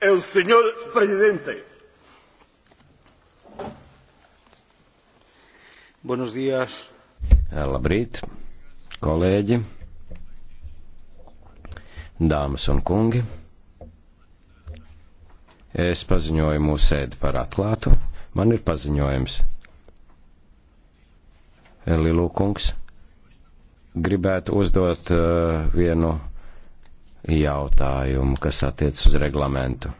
el señor presidente. Buenos días. Eh, labrīt, kolēģi, dāmas un kungi. Es paziņoju mūsu sēdi par atklātu. Man ir paziņojums. Eh, Lilu kungs gribētu uzdot uh, vienu jautājumu, kas attiec uz reglamentu.